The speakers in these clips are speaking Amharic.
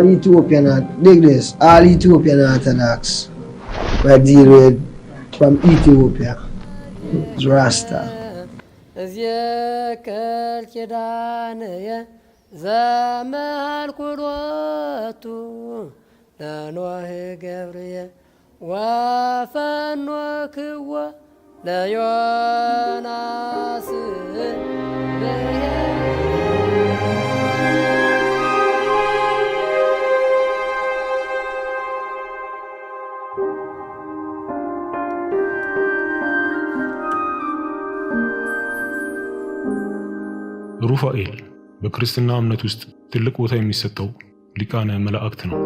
all Ethiopian, dig this, all Ethiopian Orthodox I deal with from Ethiopia is Rasta. ለኖህ ገብርየ ወፈኖ ክወ ለዮናስ ሩፋኤል በክርስትና እምነት ውስጥ ትልቅ ቦታ የሚሰጠው ሊቃነ መላእክት ነው።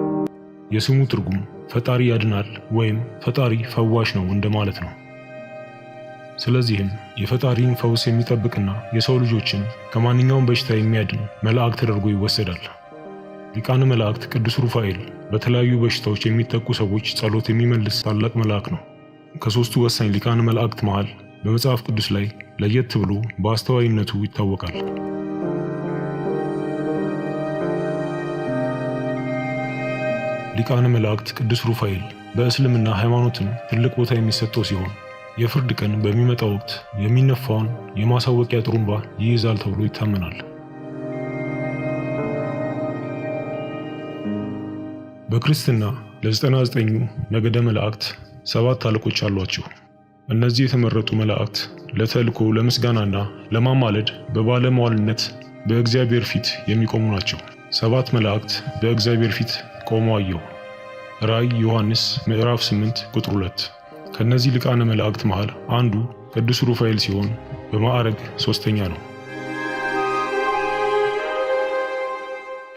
የስሙ ትርጉም ፈጣሪ ያድናል ወይም ፈጣሪ ፈዋሽ ነው እንደማለት ነው። ስለዚህም የፈጣሪን ፈውስ የሚጠብቅና የሰው ልጆችን ከማንኛውም በሽታ የሚያድን መልአክ ተደርጎ ይወሰዳል። ሊቃነ መላእክት ቅዱስ ሩፋኤል በተለያዩ በሽታዎች የሚጠቁ ሰዎች ጸሎት የሚመልስ ታላቅ መልአክ ነው። ከሦስቱ ወሳኝ ሊቃነ መላእክት መሃል በመጽሐፍ ቅዱስ ላይ ለየት ብሎ በአስተዋይነቱ ይታወቃል። ሊቃነ መላእክት ቅዱስ ሩፋኤል በእስልምና ሃይማኖትን ትልቅ ቦታ የሚሰጠው ሲሆን የፍርድ ቀን በሚመጣ ወቅት የሚነፋውን የማሳወቂያ ጥሩምባ ይይዛል ተብሎ ይታመናል። በክርስትና ለ99ኙ ነገደ መላእክት ሰባት አለቆች አሏቸው። እነዚህ የተመረጡ መላእክት ለተልኮ፣ ለምስጋናና ለማማለድ በባለመዋልነት በእግዚአብሔር ፊት የሚቆሙ ናቸው። ሰባት መላእክት በእግዚአብሔር ፊት ቆሞ አየሁ። ራእይ ዮሐንስ ምዕራፍ 8 ቁጥር 2። ከነዚህ ሊቃነ መላእክት መሃል አንዱ ቅዱስ ሩፋኤል ሲሆን በማዕረግ ሶስተኛ ነው።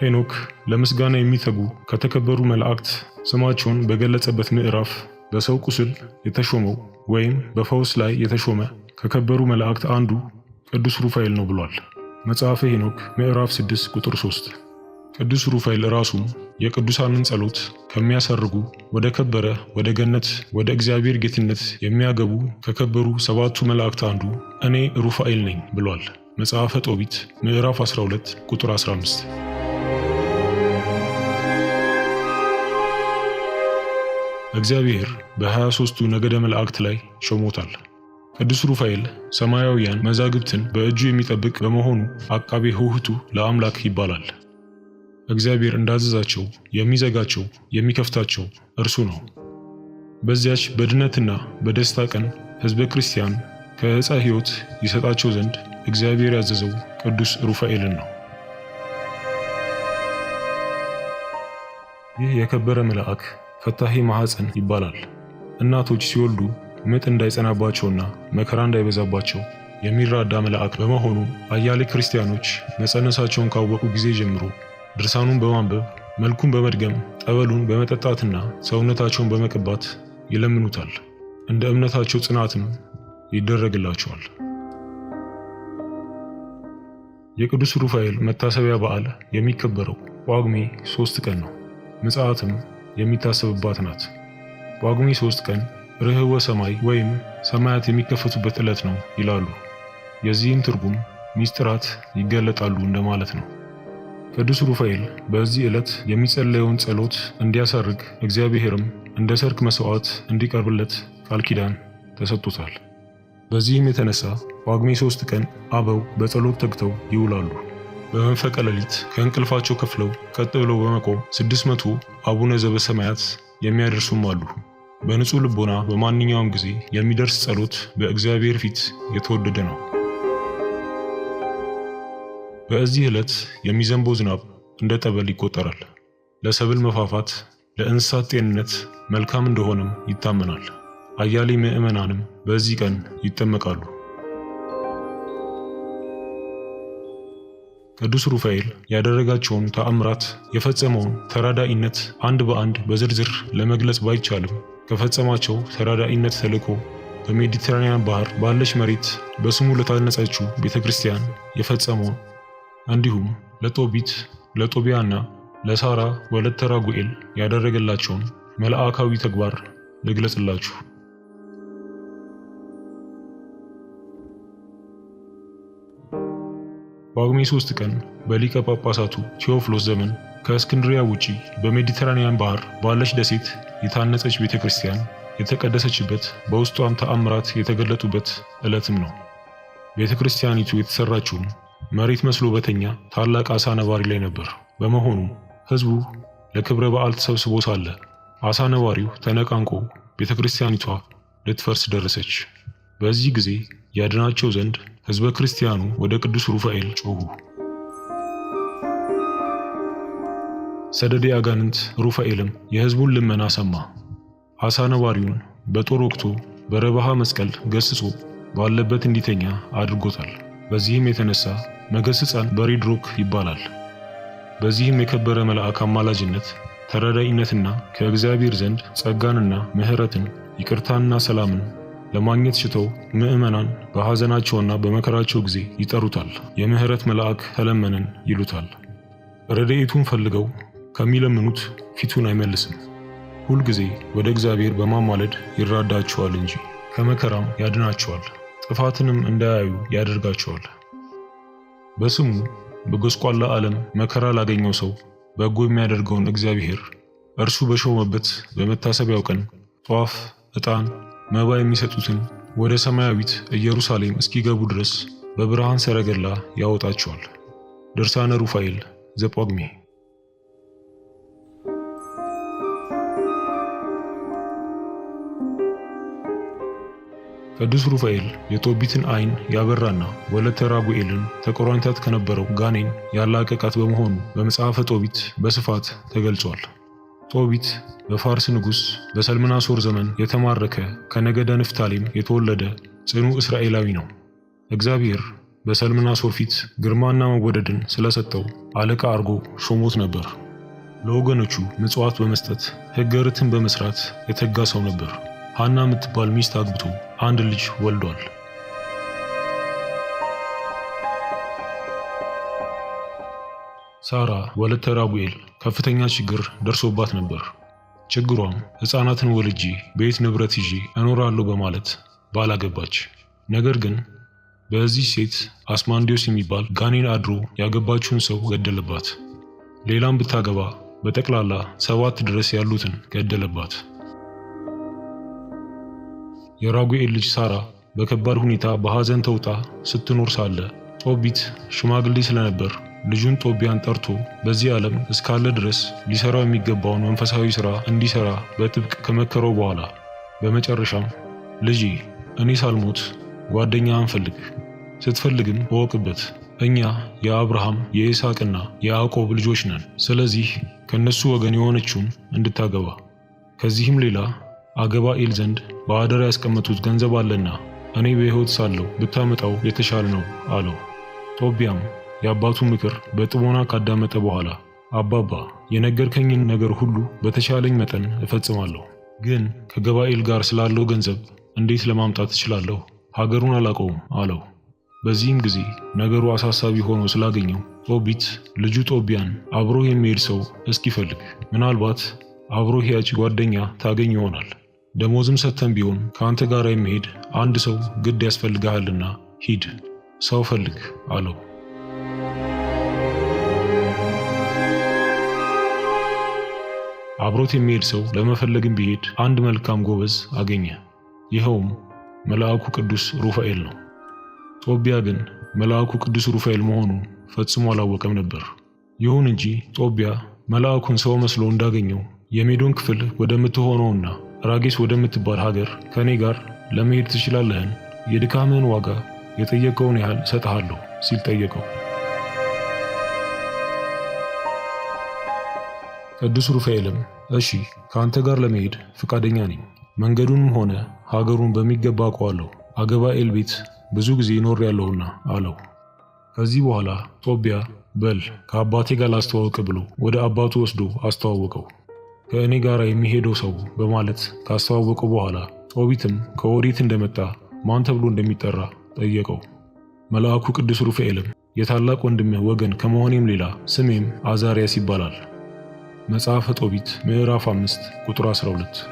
ሄኖክ ለምስጋና የሚተጉ ከተከበሩ መላእክት ስማቸውን በገለጸበት ምዕራፍ በሰው ቁስል የተሾመው ወይም በፈውስ ላይ የተሾመ ከከበሩ መላእክት አንዱ ቅዱስ ሩፋኤል ነው ብሏል። መጽሐፈ ሄኖክ ምዕራፍ 6 ቁጥር 3 ቅዱስ ሩፋኤል ራሱ የቅዱሳንን ጸሎት ከሚያሰርጉ ወደ ከበረ ወደ ገነት ወደ እግዚአብሔር ጌትነት የሚያገቡ ከከበሩ ሰባቱ መላእክት አንዱ እኔ ሩፋኤል ነኝ ብሏል። መጽሐፈ ጦቢት ምዕራፍ 12 ቁጥር 15። እግዚአብሔር በ23ቱ ነገደ መላእክት ላይ ሾሞታል። ቅዱስ ሩፋኤል ሰማያውያን መዛግብትን በእጁ የሚጠብቅ በመሆኑ አቃቤ ህውህቱ ለአምላክ ይባላል። እግዚአብሔር እንዳዘዛቸው የሚዘጋቸው የሚከፍታቸው እርሱ ነው። በዚያች በድነትና በደስታ ቀን ሕዝበ ክርስቲያን ከዕፀ ሕይወት ይሰጣቸው ዘንድ እግዚአብሔር ያዘዘው ቅዱስ ሩፋኤልን ነው። ይህ የከበረ መልአክ ፈታሄ ማኅፀን ይባላል። እናቶች ሲወልዱ ምጥ እንዳይጸናባቸውና መከራ እንዳይበዛባቸው የሚራዳ መልአክ በመሆኑ አያሌ ክርስቲያኖች መጸነሳቸውን ካወቁ ጊዜ ጀምሮ ድርሳኑን በማንበብ መልኩን በመድገም ጠበሉን በመጠጣትና ሰውነታቸውን በመቀባት ይለምኑታል። እንደ እምነታቸው ጽናትም ይደረግላቸዋል። የቅዱስ ሩፋኤል መታሰቢያ በዓል የሚከበረው ጳጉሜ ሶስት ቀን ነው። ምጽአትም የሚታሰብባት ናት። ጳጉሜ ሶስት ቀን ርህወ ሰማይ ወይም ሰማያት የሚከፈቱበት ዕለት ነው ይላሉ። የዚህም ትርጉም ሚስጥራት ይገለጣሉ እንደማለት ነው። ቅዱስ ሩፋኤል በዚህ ዕለት የሚጸለየውን ጸሎት እንዲያሳርግ እግዚአብሔርም እንደ ሰርክ መሥዋዕት እንዲቀርብለት ቃል ኪዳን ተሰጥቶታል። በዚህም የተነሳ ጳጉሜ ሦስት ቀን አበው በጸሎት ተግተው ይውላሉ። በመንፈቀ ሌሊት ከእንቅልፋቸው ከፍለው ቀጥ ብለው በመቆም ስድስት መቶ አቡነ ዘበሰማያት የሚያደርሱም አሉ። በንጹሕ ልቦና በማንኛውም ጊዜ የሚደርስ ጸሎት በእግዚአብሔር ፊት የተወደደ ነው። በዚህ ዕለት የሚዘንበው ዝናብ እንደ ጠበል ይቆጠራል። ለሰብል መፋፋት፣ ለእንስሳት ጤንነት መልካም እንደሆነም ይታመናል። አያሌ ምዕመናንም በዚህ ቀን ይጠመቃሉ። ቅዱስ ሩፋኤል ያደረጋቸውን ተአምራት የፈጸመውን ተራዳኢነት አንድ በአንድ በዝርዝር ለመግለጽ ባይቻልም ከፈጸማቸው ተራዳኢነት ተልዕኮ በሜዲትራንያን ባህር ባለች መሬት በስሙ ለታነጸችው ቤተ ክርስቲያን የፈጸመውን እንዲሁም ለጦቢት ለጦቢያ ለሳራ ወለተ ራጉኤል ያደረገላቸውን መልአካዊ ተግባር ልግለጽላችሁ። በጳጉሜ ሶስት ቀን በሊቀ ጳጳሳቱ ቴዎፍሎስ ዘመን ከእስክንድሪያ ውጪ በሜዲተራኒያን ባህር ባለች ደሴት የታነጸች ቤተ ክርስቲያን የተቀደሰችበት በውስጧም ተአምራት የተገለጡበት ዕለትም ነው። ቤተ ክርስቲያኒቱ የተሰራችውም መሬት መስሎ በተኛ ታላቅ አሳ ነባሪ ላይ ነበር። በመሆኑም ህዝቡ ለክብረ በዓል ተሰብስቦ ሳለ አሳ ነባሪው ተነቃንቆ ቤተ ክርስቲያኒቷ ልትፈርስ ደረሰች። በዚህ ጊዜ ያድናቸው ዘንድ ህዝበ ክርስቲያኑ ወደ ቅዱስ ሩፋኤል ጮኹ። ሰደዴ አጋንንት ሩፋኤልም የህዝቡን ልመና ሰማ። አሳ ነባሪውን በጦር ወቅቶ በረባሃ መስቀል ገስጾ ባለበት እንዲተኛ አድርጎታል። በዚህም የተነሳ ነገሥ ሕፃን በሪድሮክ ይባላል። በዚህም የከበረ መልአክ አማላጅነት ተረዳኢነትና ከእግዚአብሔር ዘንድ ጸጋንና ምሕረትን ይቅርታና ሰላምን ለማግኘት ሽተው ምዕመናን በሐዘናቸውና በመከራቸው ጊዜ ይጠሩታል። የምሕረት መልአክ ተለመነን ይሉታል። ረድኤቱን ፈልገው ከሚለምኑት ፊቱን አይመልስም። ሁልጊዜ ወደ እግዚአብሔር በማማለድ ይራዳቸዋል እንጂ ከመከራም ያድናቸዋል። ጥፋትንም እንዳያዩ ያደርጋቸዋል። በስሙ በጎስቋላ ዓለም መከራ ላገኘው ሰው በጎ የሚያደርገውን እግዚአብሔር እርሱ በሾመበት በመታሰቢያው ቀን ጧፍ፣ ዕጣን፣ መባ የሚሰጡትን ወደ ሰማያዊት ኢየሩሳሌም እስኪገቡ ድረስ በብርሃን ሰረገላ ያወጣቸዋል። ድርሳነ ሩፋኤል ዘጳጉሜ ቅዱስ ሩፋኤል የጦቢትን ዓይን ያበራና ወለተ ራጉኤልን ተቆራኝታት ከነበረው ጋኔን ያላቀቃት በመሆኑ በመጽሐፈ ጦቢት በስፋት ተገልጿል። ጦቢት በፋርስ ንጉሥ በሰልምናሶር ዘመን የተማረከ ከነገደ ንፍታሌም የተወለደ ጽኑ እስራኤላዊ ነው። እግዚአብሔር በሰልምናሶር ፊት ግርማና መወደድን ስለሰጠው አለቃ አርጎ ሾሞት ነበር። ለወገኖቹ ምጽዋት በመስጠት ሕገ ርትን በመስራት የተጋ ሰው ነበር። ሃና የምትባል ሚስት አግብቶ አንድ ልጅ ወልዷል። ሳራ ወለተ ራጉኤል ከፍተኛ ችግር ደርሶባት ነበር። ችግሯም ሕፃናትን ወልጄ ቤት ንብረት ይዤ እኖራለሁ በማለት ባላገባች። ነገር ግን በዚህ ሴት አስማንዲዮስ የሚባል ጋኔን አድሮ ያገባችውን ሰው ገደለባት። ሌላም ብታገባ በጠቅላላ ሰባት ድረስ ያሉትን ገደለባት። የራጉኤል ልጅ ሳራ በከባድ ሁኔታ በሐዘን ተውጣ ስትኖር ሳለ ጦቢት ሽማግሌ ስለነበር ልጁን ጦቢያን ጠርቶ በዚህ ዓለም እስካለ ድረስ ሊሰራው የሚገባውን መንፈሳዊ ሥራ እንዲሠራ በጥብቅ ከመከረው በኋላ በመጨረሻም ልጄ እኔ ሳልሞት ጓደኛ አንፈልግ፣ ስትፈልግም እወቅበት፣ እኛ የአብርሃም የይስሐቅና የያዕቆብ ልጆች ነን። ስለዚህ ከእነሱ ወገን የሆነችውን እንድታገባ ከዚህም ሌላ አገባ ኢል ዘንድ በአደራ ያስቀመጡት ገንዘብ አለና እኔ በሕይወት ሳለሁ ብታመጣው የተሻለ ነው አለው። ጦቢያም የአባቱ ምክር በጥሞና ካዳመጠ በኋላ አባባ የነገርከኝን ነገር ሁሉ በተሻለኝ መጠን እፈጽማለሁ፣ ግን ከገባኤል ጋር ስላለው ገንዘብ እንዴት ለማምጣት እችላለሁ? ሀገሩን አላውቀውም አለው። በዚህም ጊዜ ነገሩ አሳሳቢ ሆኖ ስላገኘው ጦቢት ልጁ ጦቢያን አብሮህ የሚሄድ ሰው እስኪፈልግ ምናልባት አብሮህ ያጭ ጓደኛ ታገኝ ይሆናል ደሞዝም ሰጥተን ቢሆን ከአንተ ጋር የሚሄድ አንድ ሰው ግድ ያስፈልግሃልና ሂድ ሰው ፈልግ አለው። አብሮት የሚሄድ ሰው ለመፈለግም ቢሄድ አንድ መልካም ጎበዝ አገኘ። ይኸውም መልአኩ ቅዱስ ሩፋኤል ነው። ጦቢያ ግን መልአኩ ቅዱስ ሩፋኤል መሆኑን ፈጽሞ አላወቀም ነበር። ይሁን እንጂ ጦቢያ መልአኩን ሰው መስሎ እንዳገኘው የሜዶን ክፍል ወደምትሆነውና ራጌስ ወደምትባል ሀገር ከእኔ ጋር ለመሄድ ትችላለህን? የድካምህን ዋጋ የጠየቀውን ያህል እሰጥሃለሁ ሲል ጠየቀው። ቅዱስ ሩፋኤልም እሺ ከአንተ ጋር ለመሄድ ፈቃደኛ ነኝ፣ መንገዱንም ሆነ ሀገሩን በሚገባ አውቀዋለሁ፣ አገባኤል ቤት ብዙ ጊዜ ይኖር ያለሁና አለው። ከዚህ በኋላ ጦቢያ በል ከአባቴ ጋር ላስተዋውቅ ብሎ ወደ አባቱ ወስዶ አስተዋወቀው። ከእኔ ጋር የሚሄደው ሰው በማለት ካስተዋወቁ በኋላ ጦቢትም ከወዴት እንደመጣ ማን ተብሎ እንደሚጠራ ጠየቀው። መልአኩ ቅዱስ ሩፋኤልም የታላቅ ወንድምህ ወገን ከመሆኔም ሌላ ስሜም አዛሪያስ ይባላል። መጽሐፈ ጦቢት ምዕራፍ 5 ቁጥር 12።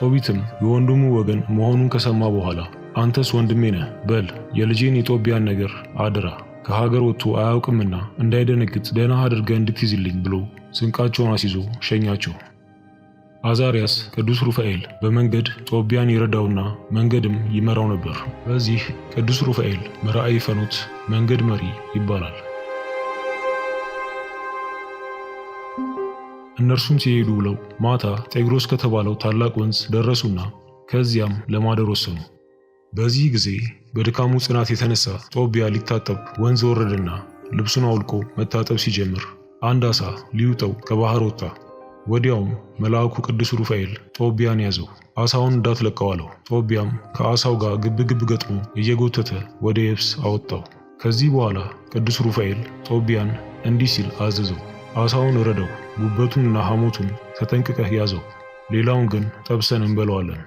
ጦቢትም የወንድሙ ወገን መሆኑን ከሰማ በኋላ አንተስ ወንድሜ ነህ፣ በል የልጄን የጦቢያን ነገር አድራ ከሀገር ወጥቶ አያውቅምና እንዳይደነግጥ ደህና አድርገ እንድትይዝልኝ ብሎ ስንቃቸውን አስይዞ ሸኛቸው። አዛሪያስ ቅዱስ ሩፋኤል በመንገድ ጦቢያን ይረዳውና መንገድም ይመራው ነበር። በዚህ ቅዱስ ሩፋኤል መራእይ ፈኖት መንገድ መሪ ይባላል። እነርሱም ሲሄዱ ብለው ማታ ጤግሮስ ከተባለው ታላቅ ወንዝ ደረሱና ከዚያም ለማደር ወሰኑ። በዚህ ጊዜ በድካሙ ጽናት የተነሳ ጦቢያ ሊታጠብ ወንዝ ወረደና ልብሱን አውልቆ መታጠብ ሲጀምር አንድ አሳ ሊውጠው ከባህር ወጣ። ወዲያውም መልአኩ ቅዱስ ሩፋኤል ጦቢያን ያዘው፣ አሳውን እንዳትለቀው አለው። ጦቢያም ከአሳው ጋር ግብግብ ገጥሞ እየጎተተ ወደ የብስ አወጣው። ከዚህ በኋላ ቅዱስ ሩፋኤል ጦቢያን እንዲህ ሲል አዘዘው፣ አሳውን እረደው፣ ጉበቱንና ሐሞቱን ተጠንቅቀህ ያዘው፣ ሌላውን ግን ጠብሰን እንበለዋለን።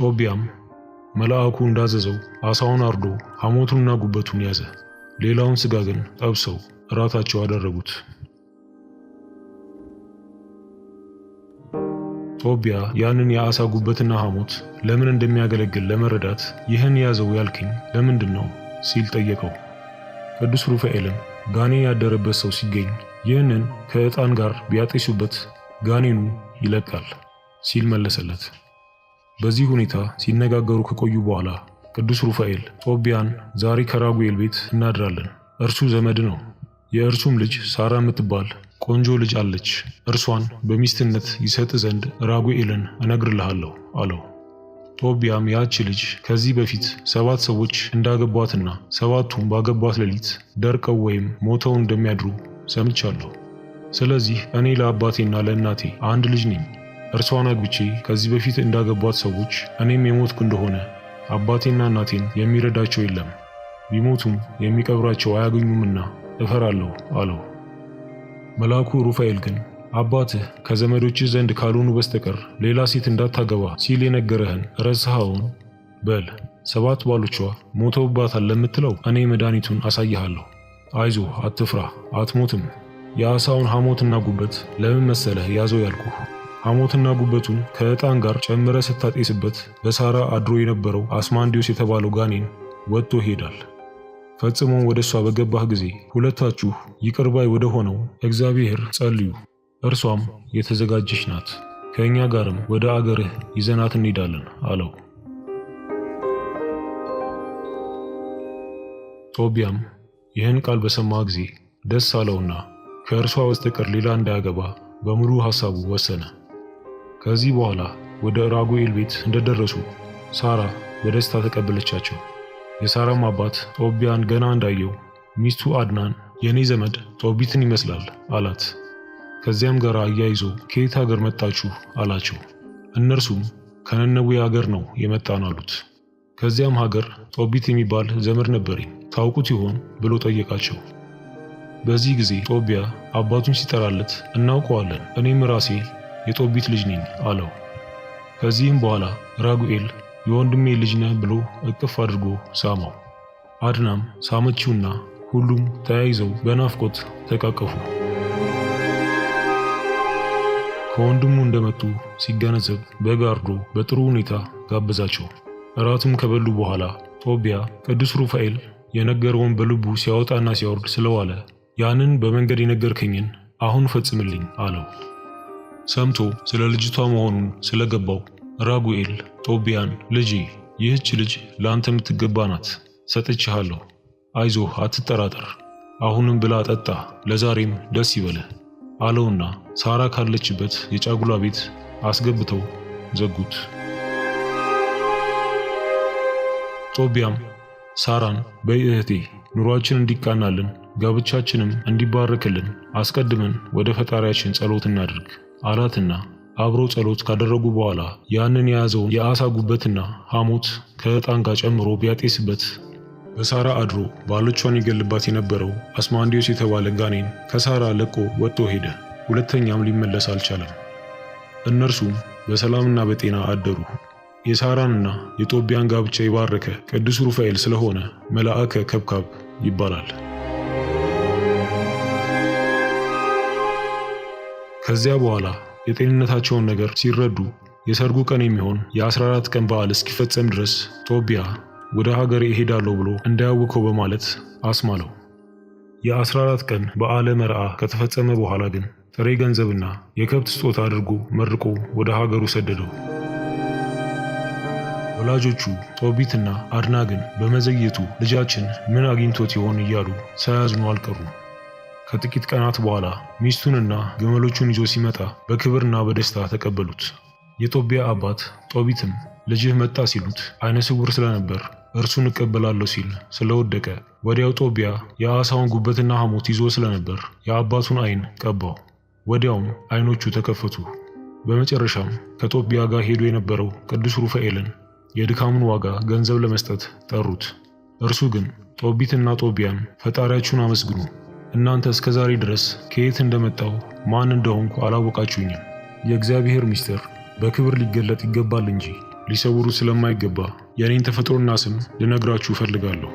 ጦቢያም መልአኩ እንዳዘዘው አሳውን አርዶ ሐሞቱንና ጉበቱን ያዘ። ሌላውን ሥጋ ግን ጠብሰው እራታቸው አደረጉት። ጦቢያ ያንን የአሳ ጉበትና ሐሞት ለምን እንደሚያገለግል ለመረዳት ይህን ያዘው ያልክኝ ለምንድን ነው ሲል ጠየቀው። ቅዱስ ሩፋኤልም ጋኔን ያደረበት ሰው ሲገኝ ይህንን ከዕጣን ጋር ቢያጤሱበት ጋኔኑ ይለቃል ሲል መለሰለት። በዚህ ሁኔታ ሲነጋገሩ ከቆዩ በኋላ ቅዱስ ሩፋኤል ጦቢያን ዛሬ ከራጉኤል ቤት እናድራለን፣ እርሱ ዘመድ ነው። የእርሱም ልጅ ሳራ የምትባል ቆንጆ ልጅ አለች፣ እርሷን በሚስትነት ይሰጥ ዘንድ ራጉኤልን እነግርልሃለሁ አለው። ጦቢያም ያች ልጅ ከዚህ በፊት ሰባት ሰዎች እንዳገቧትና ሰባቱም ባገቧት ሌሊት ደርቀው ወይም ሞተው እንደሚያድሩ ሰምቻለሁ። ስለዚህ እኔ ለአባቴና ለእናቴ አንድ ልጅ ነኝ እርሷን አግብቼ ከዚህ በፊት እንዳገቧት ሰዎች እኔም የሞትኩ እንደሆነ አባቴና እናቴን የሚረዳቸው የለም፣ ቢሞቱም የሚቀብራቸው አያገኙምና እፈራለሁ አለው። መልአኩ ሩፋኤል ግን አባትህ ከዘመዶችህ ዘንድ ካልሆኑ በስተቀር ሌላ ሴት እንዳታገባ ሲል የነገረህን ረስሃውን? በል ሰባት ባሎቿ ሞተውባታል ለምትለው እኔ መድኃኒቱን አሳይሃለሁ። አይዞህ፣ አትፍራ፣ አትሞትም። የአሳውን ሐሞትና ጉበት ለምን መሰለህ ያዘው ያልኩህ ሐሞትና ጉበቱን ከዕጣን ጋር ጨምረ ስታጤስበት በሳራ አድሮ የነበረው አስማንዲዮስ የተባለው ጋኔን ወጥቶ ይሄዳል። ፈጽሞም ወደ እሷ በገባህ ጊዜ ሁለታችሁ ይቅርባይ ወደ ሆነው እግዚአብሔር ጸልዩ፣ እርሷም የተዘጋጀች ናት፣ ከእኛ ጋርም ወደ አገርህ ይዘናት እንሄዳለን አለው። ጦቢያም ይህን ቃል በሰማ ጊዜ ደስ አለውና ከእርሷ በስተቀር ሌላ እንዳያገባ በሙሉ ሐሳቡ ወሰነ። ከዚህ በኋላ ወደ ራጉኤል ቤት እንደደረሱ ሳራ በደስታ ተቀበለቻቸው። የሳራም አባት ጦቢያን ገና እንዳየው ሚስቱ አድናን የእኔ ዘመድ ጦቢትን ይመስላል አላት። ከዚያም ጋር አያይዞ ከየት ሀገር መጣችሁ አላቸው። እነርሱም ከነነዌ ሀገር ነው የመጣን አሉት። ከዚያም ሀገር ጦቢት የሚባል ዘመድ ነበረኝ ታውቁት ይሆን ብሎ ጠየቃቸው። በዚህ ጊዜ ጦቢያ አባቱን ሲጠራለት እናውቀዋለን፣ እኔም ራሴ የጦቢት ልጅ ነኝ አለው። ከዚህም በኋላ ራጉኤል የወንድሜ ልጅ ነህ ብሎ እቅፍ አድርጎ ሳመው። አድናም ሳመችውና ሁሉም ተያይዘው በናፍቆት ተቃቀፉ። ከወንድሙ እንደመጡ ሲገነዘብ በጋርዶ በጥሩ ሁኔታ ጋበዛቸው። እራትም ከበሉ በኋላ ጦቢያ ቅዱስ ሩፋኤል የነገረውን በልቡ ሲያወጣና ሲያወርድ ስለዋለ ያንን በመንገድ የነገርከኝን አሁን ፈጽምልኝ አለው። ሰምቶ ስለ ልጅቷ መሆኑን ስለገባው ራጉኤል ጦቢያን ልጄ፣ ይህች ልጅ ለአንተ የምትገባ ናት፣ ሰጥችሃለሁ አይዞህ፣ አትጠራጠር፣ አሁንም ብላ ጠጣ፣ ለዛሬም ደስ ይበልህ አለውና ሳራ ካለችበት የጫጉላ ቤት አስገብተው ዘጉት። ጦቢያም ሳራን በይ እህቴ፣ ኑሯችን እንዲቃናልን ጋብቻችንም እንዲባረክልን አስቀድመን ወደ ፈጣሪያችን ጸሎት እናድርግ አላትና አብሮ ጸሎት ካደረጉ በኋላ ያንን የያዘውን የአሳ ጉበትና ሐሞት ከዕጣን ጋር ጨምሮ ቢያጤስበት በሳራ አድሮ ባሎቿን ይገልባት የነበረው አስማንዲዮስ የተባለ ጋኔን ከሳራ ለቆ ወጥቶ ሄደ። ሁለተኛም ሊመለስ አልቻለም። እነርሱም በሰላምና በጤና አደሩ። የሳራንና የጦቢያን ጋብቻ የባረከ ቅዱስ ሩፋኤል ስለሆነ መልአከ ከብካብ ይባላል። ከዚያ በኋላ የጤንነታቸውን ነገር ሲረዱ የሰርጉ ቀን የሚሆን የ14 ቀን በዓል እስኪፈጸም ድረስ ጦቢያ ወደ ሀገር እሄዳለሁ ብሎ እንዳያውከው በማለት አስማለው። የ14 ቀን በዓለ መርዓ ከተፈጸመ በኋላ ግን ጥሬ ገንዘብና የከብት ስጦታ አድርጎ መርቆ ወደ ሀገሩ ሰደደው። ወላጆቹ ጦቢትና አድና ግን በመዘግየቱ ልጃችን ምን አግኝቶት ይሆን እያሉ ሳያዝኑ አልቀሩም። ከጥቂት ቀናት በኋላ ሚስቱንና ግመሎቹን ይዞ ሲመጣ በክብርና በደስታ ተቀበሉት። የጦቢያ አባት ጦቢትም ልጅህ መጣ ሲሉት አይነ ስውር ስለነበር እርሱን እቀበላለሁ ሲል ስለወደቀ ወዲያው ጦቢያ የአሳውን ጉበትና ሐሞት ይዞ ስለነበር የአባቱን አይን ቀባው። ወዲያውም አይኖቹ ተከፈቱ። በመጨረሻም ከጦቢያ ጋር ሄዶ የነበረው ቅዱስ ሩፋኤልን የድካሙን ዋጋ ገንዘብ ለመስጠት ጠሩት። እርሱ ግን ጦቢትና ጦቢያን ፈጣሪያችሁን አመስግኑ እናንተ እስከ ዛሬ ድረስ ከየት እንደመጣሁ ማን እንደሆንኩ አላወቃችሁኝም። የእግዚአብሔር ምስጢር በክብር ሊገለጥ ይገባል እንጂ ሊሰውሩ ስለማይገባ የእኔን ተፈጥሮና ስም ልነግራችሁ እፈልጋለሁ።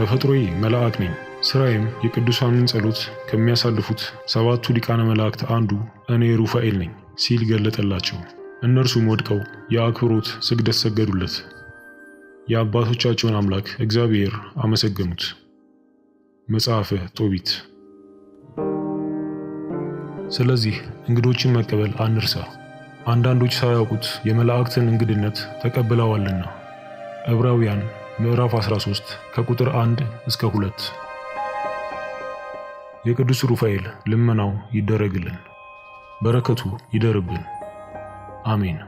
ተፈጥሮዬ መልአክ ነኝ። ሥራዬም የቅዱሳንን ጸሎት ከሚያሳልፉት ሰባቱ ሊቃነ መላእክት አንዱ እኔ ሩፋኤል ነኝ ሲል ገለጠላቸው። እነርሱም ወድቀው የአክብሮት ስግደት ሰገዱለት። የአባቶቻቸውን አምላክ እግዚአብሔር አመሰገኑት። መጽሐፈ ጦቢት። ስለዚህ እንግዶችን መቀበል አንርሳ፣ አንዳንዶች ሳያውቁት የመላእክትን እንግድነት ተቀብለዋልና። ዕብራውያን ምዕራፍ 13 ከቁጥር 1 እስከ 2። የቅዱስ ሩፋኤል ልመናው ይደረግልን፣ በረከቱ ይደርብን። አሜን።